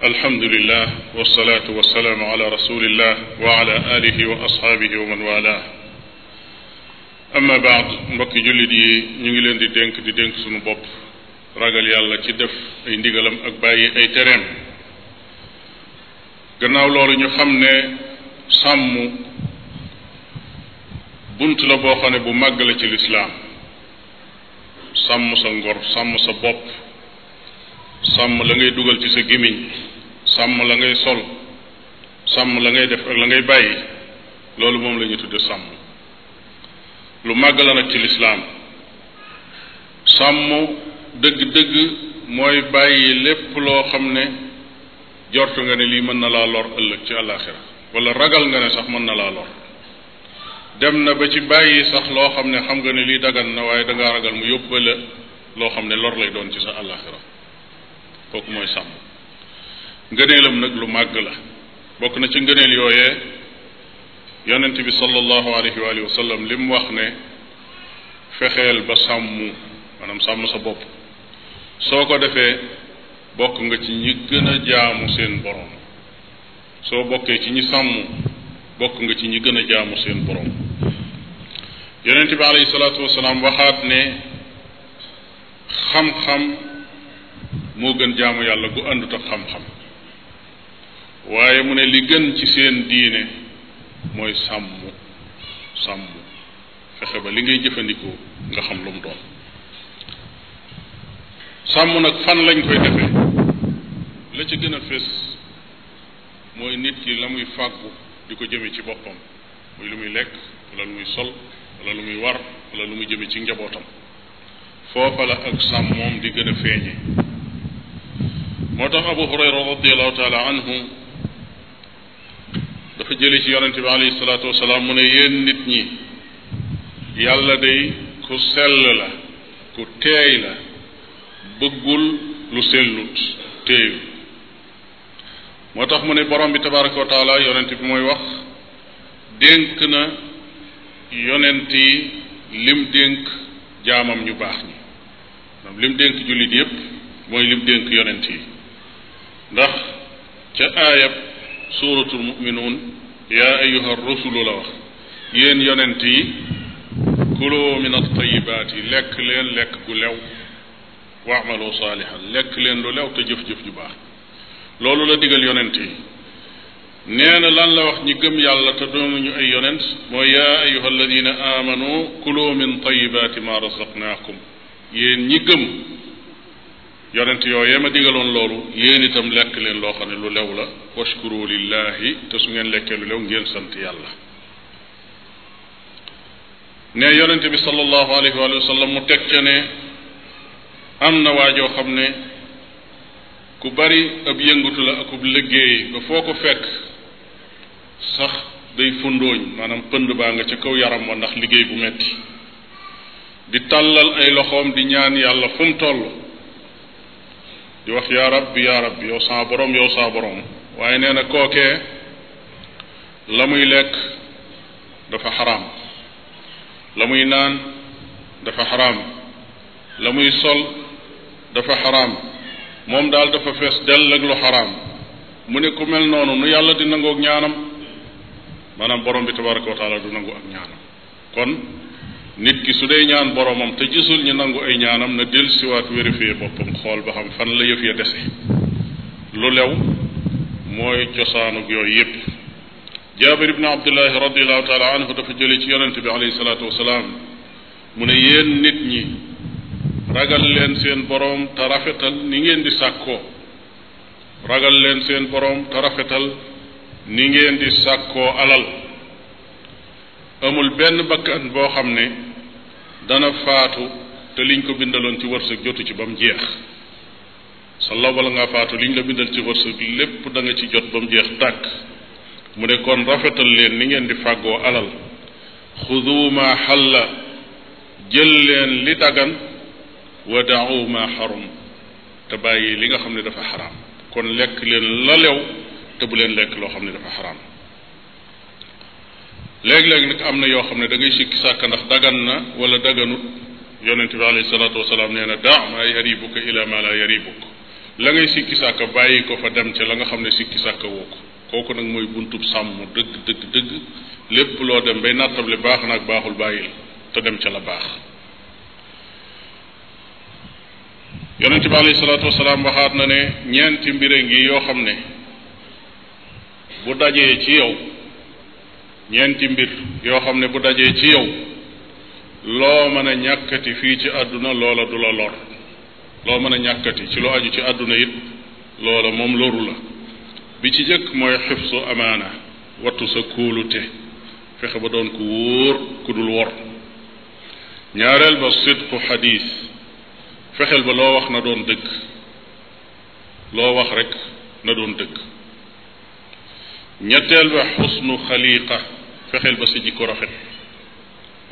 alhamdulillah wasalaatu wasalaamu ala rasulillah wa ala alihi wa ashaabihi wa man wala amma baad mbokki jullit yi ñu ngi leen di dénk di dénk suñu bopp ragal yàlla ci def ay ndigalam ak bàyyi ay tereem gannaaw loolu ñu xam ne sàmm bunt la boo xam ne bu màgg la ci lislaam sàmm sa ngor sàmm sa bopp sàmm la ngay dugal ci sa gémmiñ sàmm la ngay sol sàmm la ngay def ak la ngay bàyyi loolu moom la ñu tudde sàmm lu màgg la nag ci lislaam sàmm dëgg-dëgg mooy bàyyi lépp loo xam ne jortu nga ne lii mën na laa lor ëllëg ci àllaaxira wala ragal nga ne sax mën na laa lor dem na ba ci bàyyi sax loo xam ne xam nga ne lii dagan na waaye dangaa ragal mu yóbbale loo xam ne lor lay doon ci sa àllaaxira kooku mooy sàmm ngëneelam nag lu màgg la bokk na ci ngëneel yooyee yonent bi sallallahu alayhi wa sallam wax ne fexeel ba sàmm maanaam sàmm sa bopp soo ko defee bokk nga ci ñi gën jaamu seen borom soo bokkee ci ñi sàmm bokk nga ci ñi gën a jaamu seen borom yonent bi alayhi salaatu wasalaam waxaat ne xam-xam moo gën jaamu yàlla gu àndut ak xam-xam waaye mu ne li gën ci seen diine mooy sàmm sàmm fexe ba li ngay jëfandikoo nga xam lu mu doon sàmm nag fan lañ koy defee la ci gën a mooy nit ki la muy fàggu di ko jëme ci boppam muy lu muy lekk wala lu muy sol wala lu muy war wala lu muy jëme ci njabootam foofa la ak sàmm moom di gën a feeñe moo tax abu hurayra radiallahu taala anhu dafa jëli ci yonente bi alayhi salaatu wasalaam mu ne yéen nit ñi yàlla day ku sell la ku teey la bëggul lu sellut teeyu moo tax mu ne borom bi tabaraka wa yonent bi mooy wax dénk na yonent yi lim dénk jaamam ñu baax ñi lim dénk jullit yépp mooy lim dénk yonent yi ndax ca aayab suuratul muminuun yaa ayuha rusulu la wax yéen yonent yi kuloo min attayibaat yi lekk leen lekk gu lew waamalu saalihan lekk leen lu lew te jëf-jëf ju baax loolu la digal yonent yi nee lan la wax ñi gëm yàlla te doonuñu ay yonent mooy yaa ayuha alladina aamanu kuloo min tayibaati ma razaqnaakum yéen ñi gëm yonent yooyee ma digaloon loolu yéen itam lekk leen loo xam ne lu lew la washkuru lillahi te su ngeen lekkee lu lew ngeen sant yàlla ne yonent bi sallallahu alayhi wa sallam mu teg ca ne am na waajoo xam ne ku bari ab yëngatu la akub liggéey ba foo ko fekk sax day fundooñ maanaam pënd baa nga ca kaw yaram wa ndax liggéey bu metti di tàllal ay loxoom di ñaan yàlla fu mu di wax yaa rabbi yaa rabbi yow saa borom yow saa borom waaye nee na kookee la muy lekk dafa xaraam la muy naan dafa xaram la muy sol dafa xaram moom daal dafa fees dell ak lu xaram mu ne ku mel noonu nu yàlla di nangoog ñaanam maanaam borom bi tabaraka wa taala du nangu ak ñaanam kon nit ki su dee ñaan boromam te gisul ñu nangu ay ñaanam na dellusiwaat vérifier boppam xool ba xam fan la yëf ya dese lu lew mooy cosaanug yooyu yépp jaabir ibn abdullahi radiallahu taala anhu dafa jële ci yonente bi alayhi salaatu mu ne yéen nit ñi ragal leen seen borom te rafetal ni ngeen di sàkkoo ragal leen seen borom te rafetal ni ngeen di sàkkoo alal amul benn bakkan boo xam ne dana faatu te liñ ko bindaloon ci wërsëg jotu ci ba mu jeex sa law bala ngaa faatu liñ la bindal ci wërsëg lépp da nga ci jot ba mu jeex tàkk mu ne kon rafetal leen li ngeen di fàggoo alal xudu xal xalla jël leen li dagan wa daawu xarum te bàyyi li nga xam ne dafa xaraam kon lekk leen la lew te bu leen lekk loo xam ne dafa xaraan léegi-léegi nag am na yoo xam ne dangay ngay sikki sàkk ndax dagan na wala daganut yonente bi alayhi salaatu wasalaam nee na daa maa yaribuka ila ma la yaribuk la ngay sikki sàkk bàyyi ko fa dem ca la nga xam ne sikki sàkk woo ko kooku nag mooy buntub sàmm dëgg dëgg dëgg lépp loo dem bay nattable baax na ak baaxul bàyyil te dem ca la baax yonente bi alayhi salaatu wasalaam waxaat na ne ñeenti mbir a ngi yoo xam ne bu dajee ci yow ñeenti mbir yoo xam ne bu dajee ci yow loo mën a ñàkkati fii ci àdduna loola du la lor loo mën a ñàkkati ci loo aju ci àdduna yit loola moom loru la bi ci jëkk mooy xifsu amaana wattu sa kóolute fexe ba doon ku wóor ku dul wor ñaareel ba sidqu xadiis fexeel ba loo wax na doon dëgg loo wax rek na doon dëgg ñetteel ba xusnu xaliika fexeel ba sa jikko rafet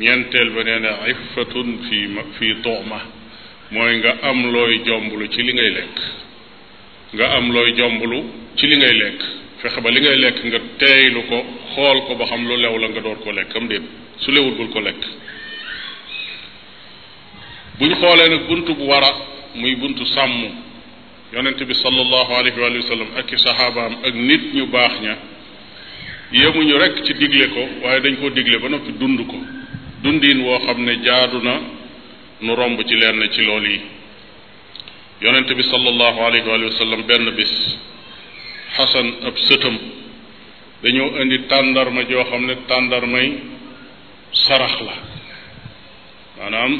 ñeenteel ba nee na iffatun fii ma fii ma mooy nga am looy jomblu ci li ngay lekk nga am looy jomblu ci li ngay lekk fexe ba li ngay lekk nga teeylu ko xool ko ba xam lu lew la nga door ko lekk am déet su lewul bul ko lekk buñ xoolee nag bunt bu wara muy buntu sàmm yonent bi sallallahu alayhi wa sallam ak i saxaabaam ak nit ñu baax ña yemuñu rekk ci digle ko waaye dañ koo digle ba noppi dund ko dundin woo xam ne jaadu na nu romb ci lenn ci lool yi yonente bi sallallahu alayhi wa sallam benn bis xasan ab sëtam dañoo indi tàndarma joo xam ne tàndarmay sarax la maanaam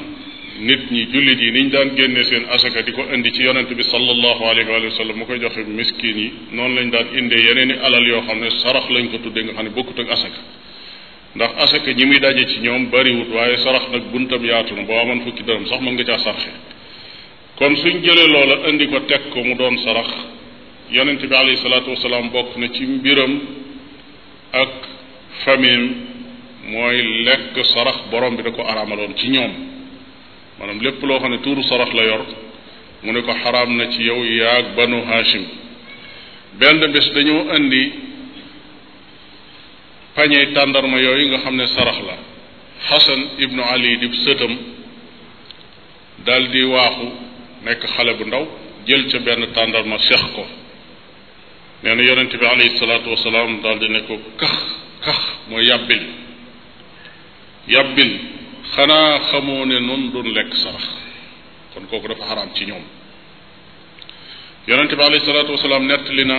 nit ñi jullit yi niñ daan génne seen asaka di ko indi ci yonent bi sallallahu alayhi wa sallam mu koy joxe miskin yi noonu lañ daan indee yeneen i alal yoo xam ne sarax lañ ko tuddee nga xam ne bokkut ak asaka ndax asaka ñi muy daje ci ñoom bariwut waaye sarax nag buntam yaatu na boo amoon fukki dërëm sax mën nga caa sarxe kon suñ jëlee loola indi ko teg ko mu doon sarax yonent bi alayhi salaatu wasalaam na ci mbiram ak famille mooy lekk sarax borom bi da ko araamaloon ci ñoom manam lépp loo xam ne tuuru sarax la yor mu ne ko xaraam na ci yow yaag banu hashim benn bés dañoo indi pañey tàndarma yooyu nga xam ne sarax la xasan ibnu ali di sëtam dal waaxu nekk xale bu ndaw jël ca benn tàndarma sex ko nee na yonent bi alayhi salaatu wasalaam dal di ne ko kax kax mooy yàbbil yàbbil xanaa xamoo ne nun duñ lekk sarax kon kooku dafa xaraam ci ñoom yonente bi alayhi salaatu wasalaam nettali na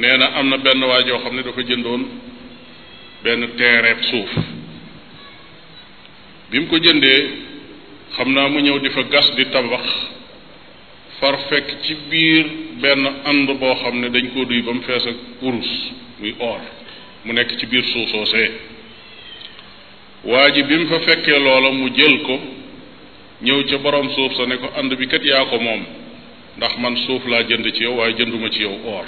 nee na am na benn waa joo xam ne dafa jëndoon benn teereeb suuf bi mu ko jëndee xam naa mu ñëw di fa gas di tabax far fekk ci biir benn ànd boo xam ne dañ ko duy ba mu fees ak urus muy or mu nekk ci biir suuf soosee waa ji bi mu fa fekkee loola mu jël ko ñëw ca boroom suuf sa ne ko ànd bi kat yaa ko moom ndax man suuf laa jënd ci yow waaye jënduma ci yow or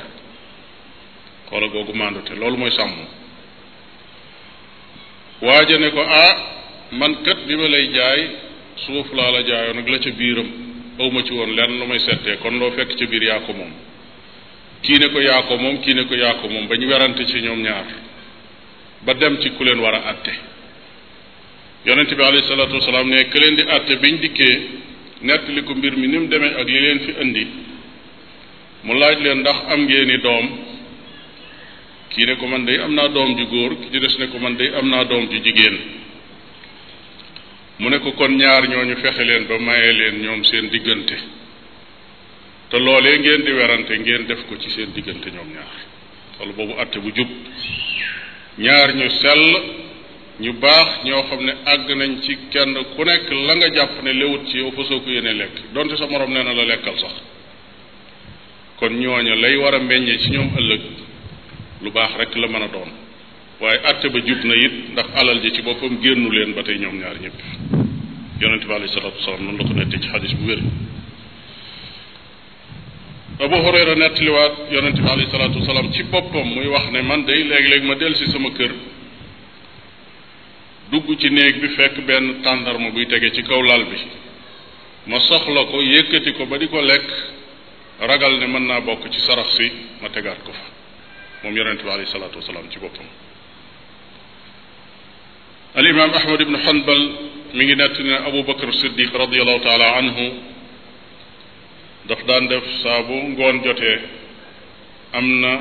xoola googu màndute loolu mooy sàmm waa ja ne ko ah man kat bi ma lay jaay suuf laa la jaayoon ak la ca biiram awma ci woon lenn lu may settee kon loo fekk ca biir yaa moom kii ko yaa ko moom kii ne ko yaa ko moom ba ñu werante ci ñoom ñaar ba dem ci ku leen war a àtte yonente bi alayhi salaatu wasalaam ne ke leen di àtte biñ dikkee nettali ko mbir mi ni mu demee ak li leen fi indi mu laaj leen ndax am ngeen i doom kii ne ko man de am naa doom ju góor ki ci des ne ko man de am naa doom ju jigéen mu ne ko kon ñaar ñu fexe leen ba maye leen ñoom seen diggante te loolee ngeen di werante ngeen def ko ci seen diggante ñoom ñaar loolu boobu àtte bu jub ñaar ñu sell ñu baax ñoo xam ne àgg nañ ci kenn ku nekk la nga jàpp ne léwut ci yow fasoo ko yéene lekk donte sa moroom nee na la lekkal sax kon ñooña lay war a meññee ci ñoom ëllëg lu baax rek la mën a doon waaye àtte ba jub na it ndax alal ji ci boppam génnu leen ba tey ñoom ñaar ñëpp yonente bi alayhi salatu wasalaam noonu la ko nettee ci xadis bu wér Abu Hurayra nettaliwaat yonente bi alayhi salatu wasalaam ci boppam muy wax ne man day léegi léegi ma del si sama kër dugg ci néeg bi fekk benn tàndarma buy tege ci kaw lal bi ma soxla ko yëkkati ko ba di ko lekk ragal ne mën naa bokk ci sarax si ma tegaat ko fa moom yonente bi alayhi salaatu ci boppam al imam ahmad ibnu hanbal mi ngi nett ne abu bakar siddiq radiallahu taala anhu daf daan def saa ngoon jotee am na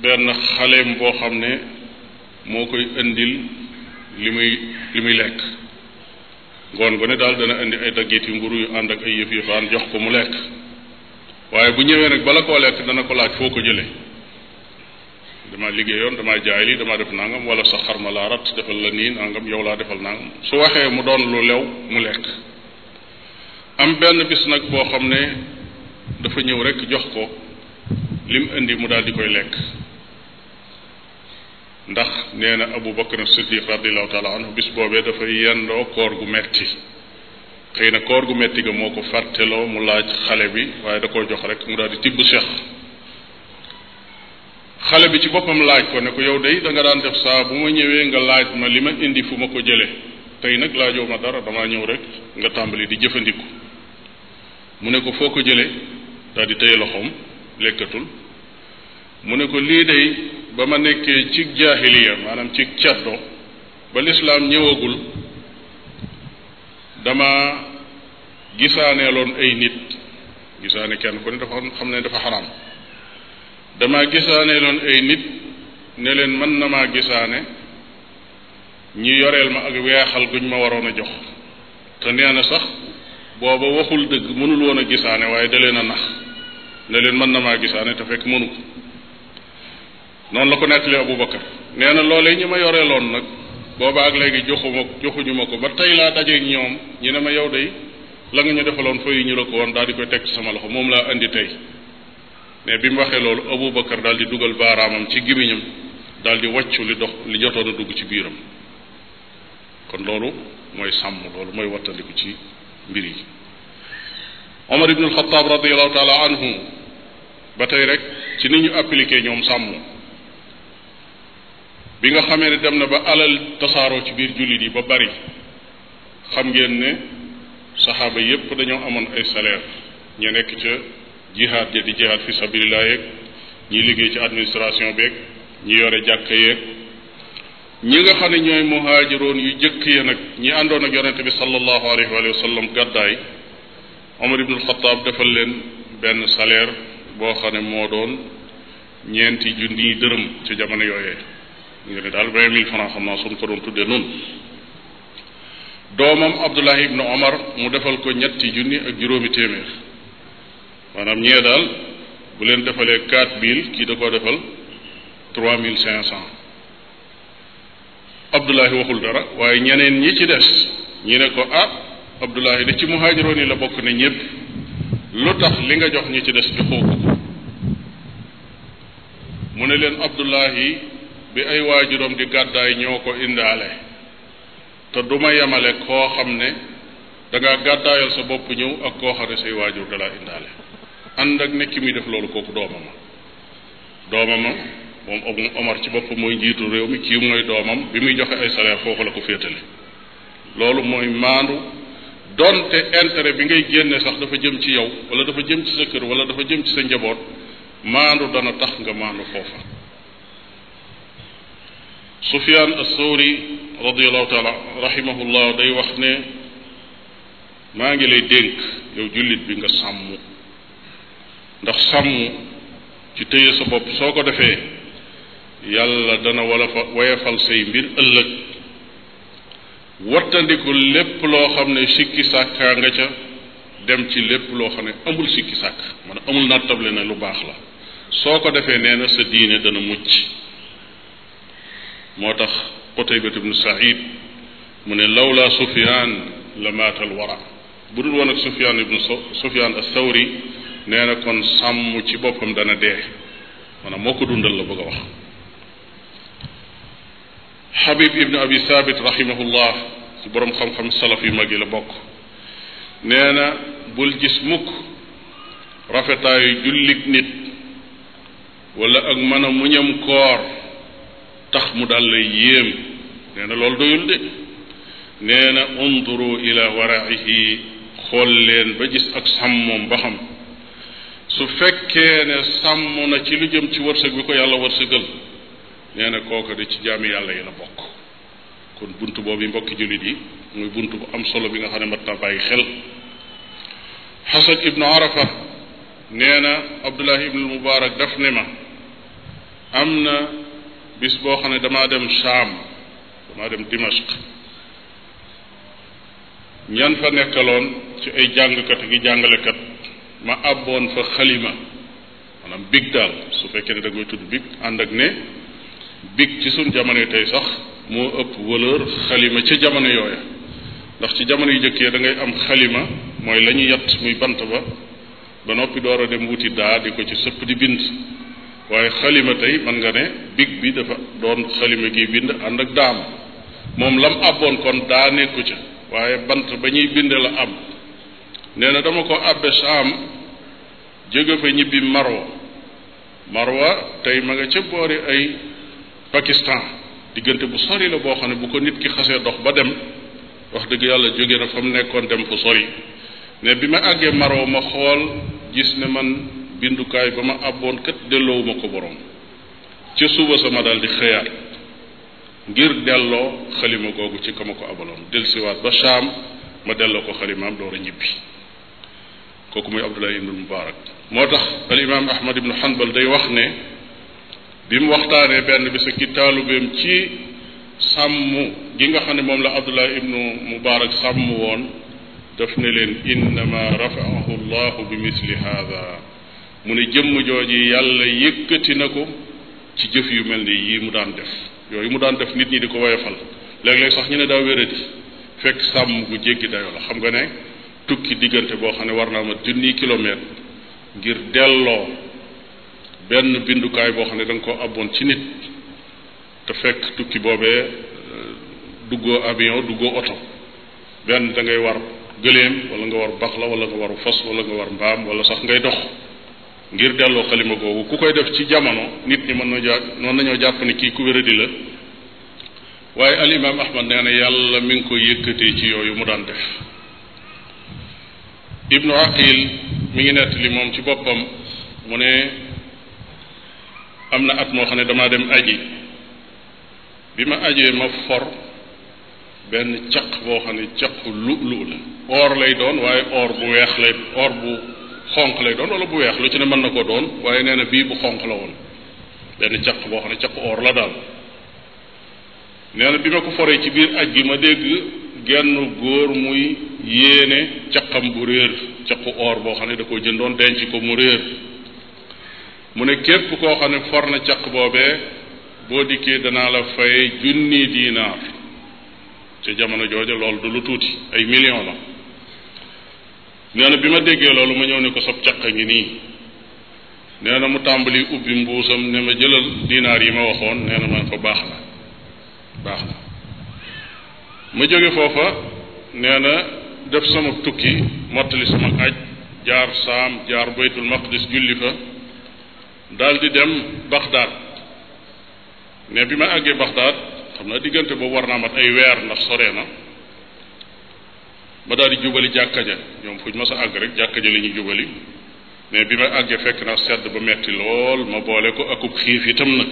benn xaleem boo xam ne moo koy indil li muy li muy lekk ngoon ko ne daal dana indi ay daggiti mburu yu ànd ak ay yëf yëfaan jox ko mu lekk waaye bu ñëwee nag bala koo lekk dana ko laaj foo ko jëlee dama liggéey liggéeyoon dama jaay lii dama def nangam wala sa xar ma laa rat defal la nii nangam yow laa defal nangam su waxee mu doon lu lew mu lekk am benn bis nag boo xam ne dafa ñëw rek jox ko lim indi mu daal di koy lekk ndax nee na abu bakar siddiq radiallahu taala anhu bis boobee dafay yendoo koor gu metti xëy na koor gu metti moo ko fàtteloo mu laaj xale bi waaye da koo jox rek mu daal di tibb sex xale bi ci boppam laaj ko ne yow day da daan def saa bu ma ñëwee nga laaj ma li ma indi fu ma ko jële tey nag laajoo ma dara damaa ñëw rek nga tàmbali di jëfandiku mu ne ko foo ko jële daal di tey loxoom lekkatul mu ne ko lii day ba ma nekkee ci jaahiliya maanaam ci caddo ba lislaam ñëwagul dama gisaaneeloon ay nit gisaane kenn ku ne dafa xam ne dafa xaram dama gisaaneeloon ay nit ne leen mën na maa gisaane ñu yoreel ma ak weexal guñ ma waroon a jox te nee na sax booba waxul dëgg mënul woon a gisaane waaye da leen a nax ne mën na maa gisaane te fekk mënu noonu la ko nettali Aboubacar nee na loolee ñi ma yoreeloon nag booba ak léegi joxu ma joxuñu ma ko ba tey laa dajeeg ñoom ñi ne ma yow day la nga ñu defaloon yi ñu la ko woon daal di koy teg ci sama loxo moom laa indi tey mais bi mu waxee loolu Aboubacar daal di dugal baaraamam ci gimiñam daal di wàccu li dox li jotoon a dugg ci biiram kon loolu mooy sàmm loolu mooy wattandiku ci mbir yi Omar ibn al-Khattab radiyallahu taala anhu ba tey rek ci ni ñu appliqué ñoom sàmm bi nga xamee ne dem na ba alal tasaaroo ci biir jullit yi ba bari xam ngeen ne saxaaba yépp dañoo amoon ay salaire ñu nekk ca jihaad ja di jihaad fi sabilillah yeeg ñi liggéey ci administration beeg ñi yore jàkka yeeg ñi nga xam ne ñooy muhaajiroon yu jëkk ya nag ñi àndoon ak yonente bi sallallahu alayhi wa sallam gàddaay Omar ibnul Xataab defal leen benn salaire boo xam ne moo doon ñeenti junniy dërëm ca jamono yooyee nga ne daal vingt mille francs xam naa suñ ko doon tuddee noonu doomam Abdullah ibnu Omar mu defal ko ñetti junni ak juróomi téeméer maanaam ñee daal bu leen defalee quatre mille kii da koo defal trois mille cinq cent Abdullahi waxul dara waaye ñeneen ñi ci des ñi ne ko ah Abdullahi de ci muhaajiroon yi la bokk ne ñépp lu tax li nga jox ñi ci des joxoo ko mu ne leen Abdullahi bi ay waajuram di gàddaay ñoo ko indaale te du ma yemale koo xam ne da ngaa gàddaayal sa bopp ñëw ak koo xam ne say waajur dalaa indaale ànd ak ne ki muy def loolu kooku doomama doomama moom Abu Omar ci bopp mooy njiitu réew mi kii mooy doomam bi muy joxe ay salaire foofu la ko féetale loolu mooy maandu donte intérêt bi ngay génne sax dafa jëm ci yow wala dafa jëm ci sa kër wala dafa jëm ci sa njaboot maandu dana tax nga maandu foofa Sufyaan as-Sawri radiyallahu taala rahimahullah day wax ne maa ngi lay dénk yow jullit bi nga sàmm ndax sàmm ci tëye sa bopp soo ko defee yàlla dana wala fa woyafal say mbir ëllëg wattandiku lépp loo xam ne sikki sàkkaa nga ca dem ci lépp loo xam ne amul sikki sàkk maanaam amul nattable ne lu baax la soo ko defee nee na sa diine dana mucc moo tax qutaybat ibnu said mu ne lawla sufyaan la maatal wara bu dul woon ak sufyaan ibnu sufyaan as-sawri nee na kon sàmm ci boppam dana dee maanaam moo ko dundal la bëgg a wax Habib ibn Abi Sabit rahimahullah ci boroom xam-xam salaf yu mag yi la bokk nee na bul gis mukk rafetaayu jullit nit wala ak mana a muñam koor tax mu dal lay yéem nee na loolu doyul de nee na unduru ila waraihi xool leen ba gis ak sàmmoom ba xam su fekkee ne sàmm na ci lu jëm ci wërsëg bi ko yàlla wërsëgal nee na kooka de ci jaami yàlla yi la bokk kon bunt boobu yi mbokki jullit yi muy bunt bu am solo bi nga xam ne mat na bàyyi xel xasan ibnu arafa nee na abdullah ibnu mubaarak daf ne ma am na bis boo xam ne damaa dem Shaam damaa dem Dimashq ñan fa nekkaloon ci ay jàngkat gi jàngalekat ma àbboon fa xalima maanaam big daal su fekkee ne da ngay tudd big ànd ak ne big ci suñ jamono tey sax moo ëpp valeur xalima ca jamono yooya ndax ci jamono yu jëkkee da ngay am xalima mooy la ñu yatt muy bant ba ba noppi door a dem wuti daa di ko ci sëpp di bind waaye xalima tey mën nga ne big bi dafa doon xalima gi bind ànd ak daam moom lam àbboon kon daa nekku ca waaye bant ba ñuy bind la ab nee na dama ko àbbe saam jóge fa ñibbi marwa marwa tey ma nga ca boori ay Pakistan diggante bu sori la boo xam ne bu ko nit ki xasee dox ba dem wax dëgg yàlla jóge na fa mu nekkoon dem fu sori mais bi ma àggee marwa ma xool gis ne man bindukaay ba ma àbboon kat delloowuma ko boroom ca suba sama dal di xëyaat ngir delloo xalima googu ci ka ma ko abaloon delsiwaat ba saam ma delloo ko xalimaam door a ñibbi kooku muy abdullah ibnu mubaarak moo tax al imaam ahmad ibnu hanbal day wax ne bi mu waxtaanee benn bi sa ki taalubeem ci sàmm gi nga xam ne moom la abdullah ibnu mubaarak sàmm woon daf ne leen innama rafaahu llahu bi misli hada mu ne jëmm jooju yàlla yëkkati na ko ci jëf yu mel nii yii mu daan def yooyu mu daan def nit ñi di ko woyofal léeg-léeg sax ñu ne daa wéradi fekk sàmm gu jéggi dayo la xam nga ne tukki diggante boo xam ne war naa ma junniy kilomètre ngir delloo benn bindukaay boo xam ne danga nga ko abboon ci nit te fekk tukki boobee euh, duggoo avion duggoo oto benn dangay war gëléem wala nga war baxla wala nga waru fas wala nga war mbaam wala sax ngay dox ngir delloo xalima googu ku koy def ci jamono nit ñi mën na jàpp noonu nañoo jàpp ne kii ku wéradi la waaye al imaam ahmad nee na yàlla mi ngi ko yëkkatee ci yooyu mu daan def ibnu aqil mi ngi nett li moom ci boppam mu ne am na at moo xam ne dama dem aji bi ma ajee ma for benn caq boo xam ne caqu lu lu la or lay doon waaye or bu weex lay or bu xonq lay doon wala bu weex lu ci ne mën na ko doon waaye nee na bii bu xonq la woon benn caq boo xam ne caq or la daal nee na bi ma ko foree ci biir aj gi ma dégg genn góor muy yéene caqam bu réer caqu or boo xam ne da ko jëndoon denc ko mu réer mu ne képp koo xam ne for na caq boobee boo dikkee danaa la fay junni diinaar ca jamono jooja loolu du lu tuuti ay million la nee na bi ma déggee loolu ma ñëw ne ko sab caq ngi nii nee na mu tàmbali ubbi mbuusam ne ma jëlal dinaar yi ma waxoon nee na ma ne ko baax na baax na ma jóge foofa nee na def sama tukki mottali sama aj jaar saam jaar baytul maqdis julli fa daldi dem baxdaad ne bi ma àggee baxdaad xam naa diggante boobu war naa mat ay weer ndax sore na ma daal di jubali jàkka ja ñoom fu ñu mas a àgg rek jàkka ja la ñuy jubali mais bi ma àggee fekk na sedd ba metti lool ma boole ko akub xiif tam nag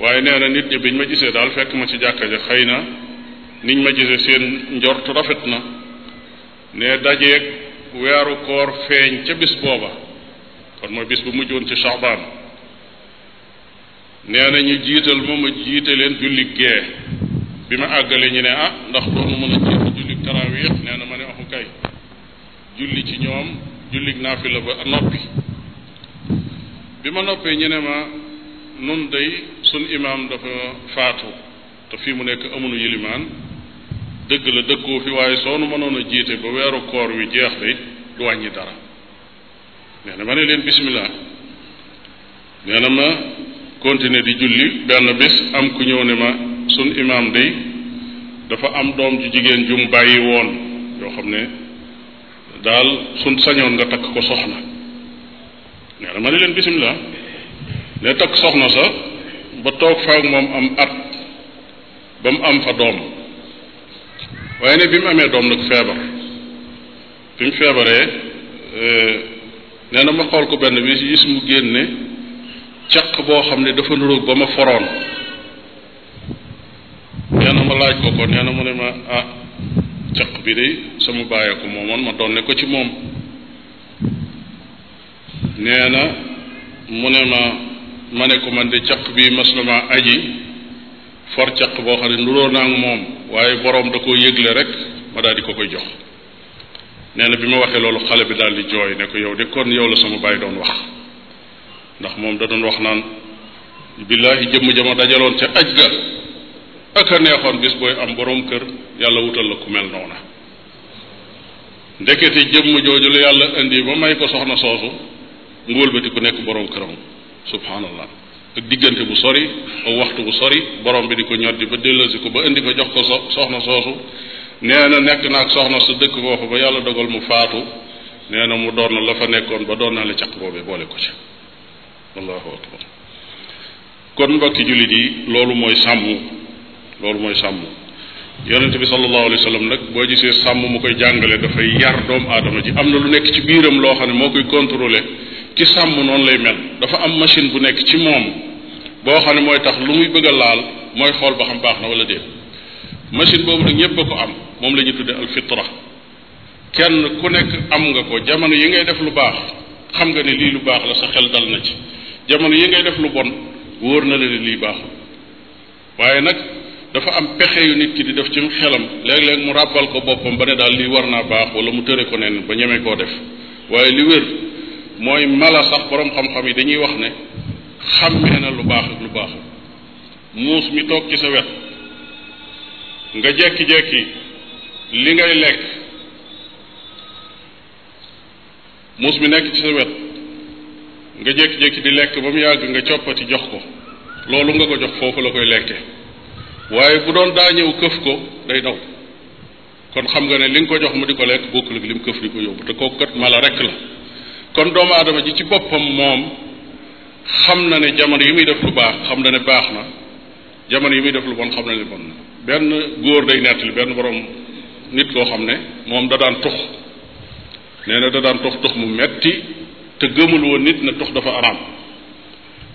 waaye nee na nit ñi biñ ma gisee daal fekk ma ci jàkka ja xëy na niñ ma gisee seen njort rafet na ne dajeeg weeru koor feeñ ca bis booba kon mooy bis bu mujj woon ci Shaabaan nee na ñu jiital ma ma jiite leen julli gee bi ma àggalee ñu ne ah ndax doonu mën a yëpp nee na ma ne waxu julli ci ñoom jullig naafila ba noppi bi ma noppee ñu ne ma nun day sun imaam dafa faatu te fii mu nekk amunu yilimaan dëgg la dëkkoo fi waaye soo nu jiite ba weeru koor wi jeex day du wàññi dara nee ma ne leen bismillah nee na ma continuer di julli benn bis am ku ñëw ne ma sun imaam day dafa am doom ju jigéen ju mu bàyyi woon yoo xam ne daal suñ sañoon nga takk ko soxna nee na ma ne leen bisimilah ne takk soxna sa ba toog faak moom am at ba mu am fa doom waaye ne bi mu amee doom nag feebar bi mu feebaree eh, nee na ma xool ko benn bi gis mu génne caq boo xam ne dafa nuróog ba ma foroon ma laaj ko ko nee na mu ne ma ah caq bi de sama bàyyee ko moomoon ma doon ne ko ci moom nee na mu ne ma ma ne ko man de caq bii mas na maa aji for caq boo xam ne nuroo naa ak moom waaye boroom da koo yëgle rek ma daal di ko koy jox nee na bi ma waxee loolu xale bi daal di jooy ne ko yow de kon yow la sama baay doon wax ndax moom da doon wax naan billaahi jëmm jama dajaloon ca aj ga ak a neexoon bis booy am boroom kër yàlla wutal la ku mel noona ndekete jëmm jooju la yàlla indi ba may ko soxna soosu ngóol ba di ku nekk boroom këram subhanallah ak diggante bu sori ak waxtu bu sori boroom bi di ko ñoddi ba delloosi ko ba indi ko jox ko soxna soosu nee na nekk na ak soxna su dëkk koo fa ba yàlla dogal mu faatu nee na mu doon na la fa nekkoon ba doon naa la caq boobee boole ko ci allahu akbar kon mbokki jullit yi loolu mooy sàmm loolu mooy sàmm yonente bi sallallahu alayhi wa sallam nag boo gisee sàmm mu koy jàngale dafay yar doomu aadama ji am na lu nekk ci biiram loo xam ne moo koy contrôler ki sàmm noonu lay mel dafa am machine bu nekk ci moom boo xam ne mooy tax lu muy bëgg a mooy xool ba xam baax na wala machine boobu nag ko am moom la ñuy tuddee alfitra kenn ku nekk am nga ko jamono yi ngay def lu baax xam nga ne lii lu baax la sa xel dal na ci jamono yi ngay def lu bon wóor na la ne lii baaxul waaye nag dafa am pexe yu nit ki di def ci xelam léeg-léeg mu ràbbal ko boppam ba ne daal lii war naa baax wala mu tëre ko neen ba ñeme koo def waaye li wér mooy mala sax borom xam-xam yi dañuy wax ne xàmmee na lu baax ak lu baax muus mi toog ci sa wet nga jekki-jekki li ngay lekk muus mi nekk ci sa wet nga jekki-jekki di lekk ba mu yàgg nga coppati jox ko loolu nga ko jox foofu la koy lekke waaye bu doon daa ñëw këf ko day daw kon xam nga ne li nga ko jox mu di ko lekk bokk ak lim këf di ko yóbbu te kooku kat mala rek la kon doomu aadama ji ci boppam moom xam na ne jamono yi muy def lu baax xam na ne baax na jamono yi muy def lu bon xam na ne bon na benn góor day nettali benn boroom nit koo xam ne moom da daan tox nee na da daan tox tox mu metti te gëmul woon nit ne tox dafa araam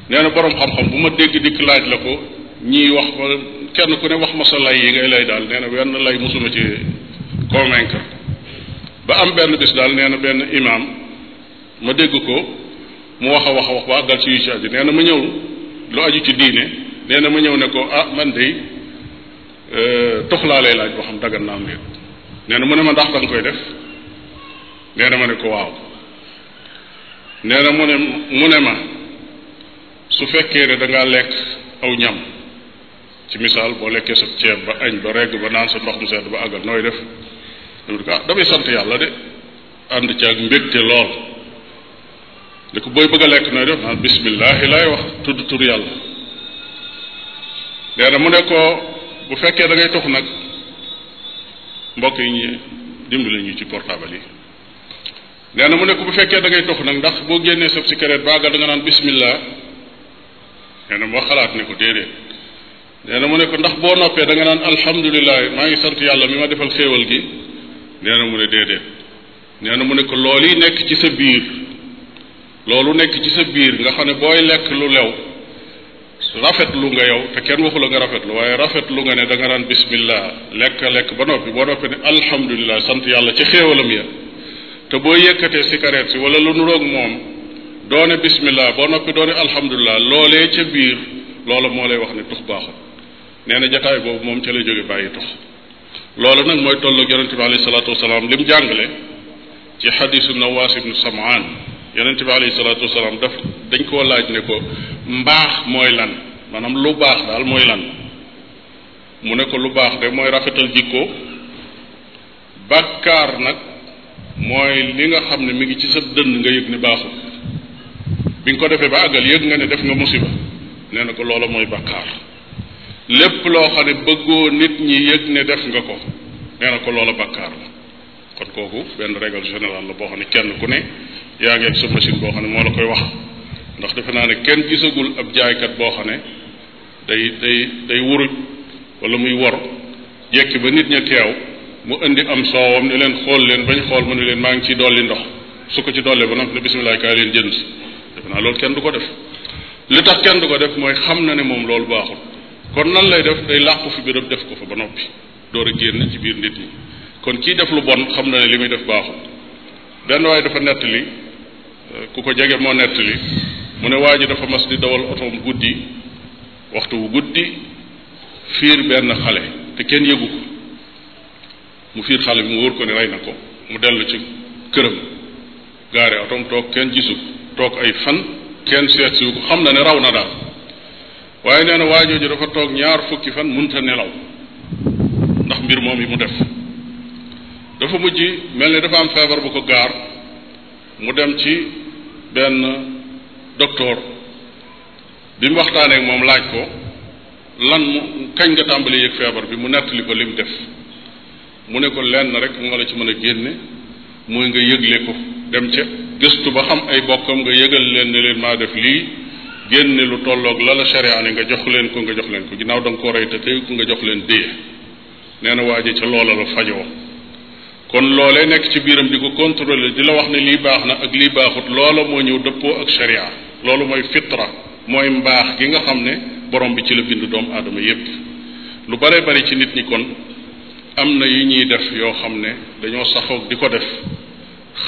nee na boroom xam-xam bu ma dégg dikk laaj la ko ñii wax kenn ku ne wax ma yi ngay lay daal nee na wenn lay mosuma ci convaincre ba am benn bis daal nee na benn imam ma dégg ko mu wax a wax a wax ba àggal ci yu ci aju nee na ma ñëw lu aju ci diine nee na ma ñëw ne ko ah man de euh, tox laa laaj boo xam dagan na am lépp na mu ne ma ndax danga koy def nee ma ne ko waaw nee na mu ne mu ne ma su fekkee ne dangaa lekk aw ñam ci misaal boo lekkee sa ceeb ba añ ba regg ba naan sa ndox mu sedd ba àggal nooy def ko ah damay sant yàlla de ànd ci ak mbégte lool li ko booy bëgg a lekk nooy def naan bismillahi laay wax tudd tur yàlla na mu ne bu fekkee da ngay tux nag mbokk ñu dimbali ñu ci portable yi nee na mu ne bu fekkee da ngay tux nag ndax boo génnee sab si kareet ba da nga naan bismillah nee na moo xalaat ne ko déedéet nee na mu ne ko ndax boo noppee da nga naan maa ngi sant yàlla mi ma defal xéewal gi nee na mu ne déedéet nee na mu ne ko loolu yi nekk ci sa biir loolu nekk ci sa biir nga xam ne booy lekk lu lew rafet lu nga yow te kenn waxu nga rafet lu waaye rafet lu nga ne danga daan naan bismillah lekk lekk ba noppi boo noppee ne alhamdulilah sant yàlla ci xéewalam ya te boo yëkkatee cigarette si wala lu nuroog moom doone bismillah boo noppi doone alhamdulilah loolee ca biir loola moo lay wax ne tux baaxul nee na jataay boobu moom ca la jóge bàyyi tox loolu nag mooy tolloog yonente bi alayhi salaatu salaam li jàngale ci xadisu nawaas ibnu samaan yonente bi alayhi salaatu wasalaam daf dañ koo laaj ne ko mbaax mooy lan maanaam lu baax daal mooy lan mu ne ko lu baax de mooy rafetal jikko bàkkaar nag mooy li nga xam ne mi ngi ci sa dënn nga yëg ni baaxul bi nga ko defee ba àggal yëg nga ne def nga musiba nee na ko loola mooy bàkkaar lépp loo xam ne bëggoo nit ñi yëg ne def nga ko nee ko loola bakkaar la kon kooku benn règle générale la boo xam ne kenn ku ne yaa ngi ak sa machine boo xam ne moo la koy wax ndax defe naa ne kenn gisagul ab jaaykat boo xam ne day day day wuruj wala muy wor yekki ba nit ña teew mu indi am soowam ne leen xool leen bañ xool mu ne leen maa ngi ciy dolli ndox su ko ci dolli ba nag ne bisimilah kaay leen jënd si naa loolu kenn du ko def li tax kenn du ko def mooy xam na ne moom loolu baaxul kon nan lay def day làqu fi biram def ko fa ba noppi door a génn ci biir nit ñi kon kii def lu bon xam na ne li muy def baaxul benn waaye dafa nettali euh, ku ko jege moo nettali mu ne waa ji dafa mas di dawal otoom guddi waxtu wu guddi fiir benn xale te kenn yëgu ko mu fiir xale bi mu wóor ko ne rey na ko mu dellu ci këram gaare otoom toog kenn gisu toog ay fan kenn seetsiwu ko xam na ne raw na daal waaye nee na waa jooju dafa toog ñaar fukki fan munta nelaw ndax mbir moom yi mu def dafa mujj mel ni dafa am feebar bu ko gaar mu dem ci benn docteur bi waxtaaneek moom laaj ko lan mu kañ nga tàmbali yëg feebar bi mu nettali ko li mu def mu ne ko lenn rek moo la ci mën a génne mooy nga yëgle ko dem ca gëstu ba xam ay bokkam nga yëgal leen ne leen maa def lii génne lu tollook la la sharia nga jox leen ko nga jox leen ko ginnaaw da nga koo rey te tey ko nga jox leen dee nee na waaje ca loola la fajoo kon loolee nekk ci biiram di ko contrôler di la wax ne lii baax na ak lii baaxut loola moo ñëw dëppoo ak sharia loolu mooy fitra mooy mbaax gi nga xam ne borom bi ci la bind doomu aadama yépp lu bare bari ci nit ñi kon am na yu ñuy def yoo xam ne dañoo saxoog di ko def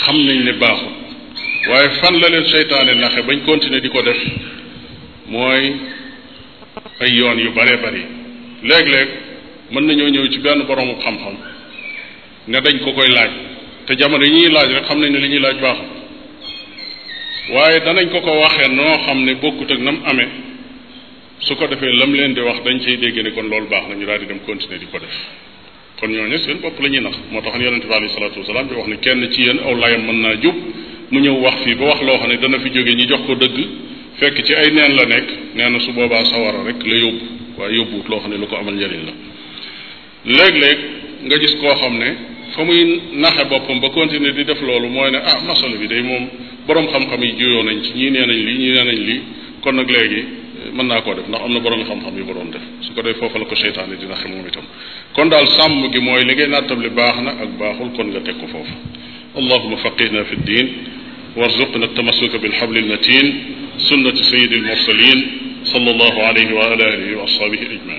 xam nañ ne baaxut waaye fan la leen seytaane naxe bañ continuer di ko def mooy ay yoon yu bare bari léeg-léeg mën nañoo ñëw ci benn boroomu xam-xam ne dañ ko koy laaj te jamono yi ñuy laaj rek xam nañ ne li ñuy laaj baaxul waaye danañ ko ko waxee noo xam ne bokkut ak nam amee su ko defee lam leen di wax dañ cay dégg ne kon loolu baax na ñu daal di dem continuer di ko def kon ñooñu seen bopp la ñuy nax moo tax taxoon yonente bi alayhi salaatu wasalaam di wax ne kenn ci yéen aw layam mën naa jub mu ñëw wax fii ba wax loo xam ne dana fi jóge ñi jox ko dëgg fekk ci ay neen la nekk nee su boobaa sawara rek la yóbbu waaye yóbbuwut loo xam ne lu ko amal njëriñ la léeg-léeg nga gis koo xam ne fa muy naxe boppam ba continuer di def loolu mooy ne ah masala bi dey moom borom xam-xam yi juyoo nañ ci ñii nee nañ lii ñii nee nañ lii kon nag léegi eh, mën naa koo def ndax am na borom xam-xam yu ko def su ko def foofa la ko seytaane dina xam moom itam kon daal sàmm gi mooy li ngay nattable baax na ak baaxul kon nga teg ko foofu allahuma faqihna fi ddin warzuqna tamassuka bilxabli almatin sunnati sayyidil mursalin sallallahu alayhi wa ala alihi wa ashabihi ajmain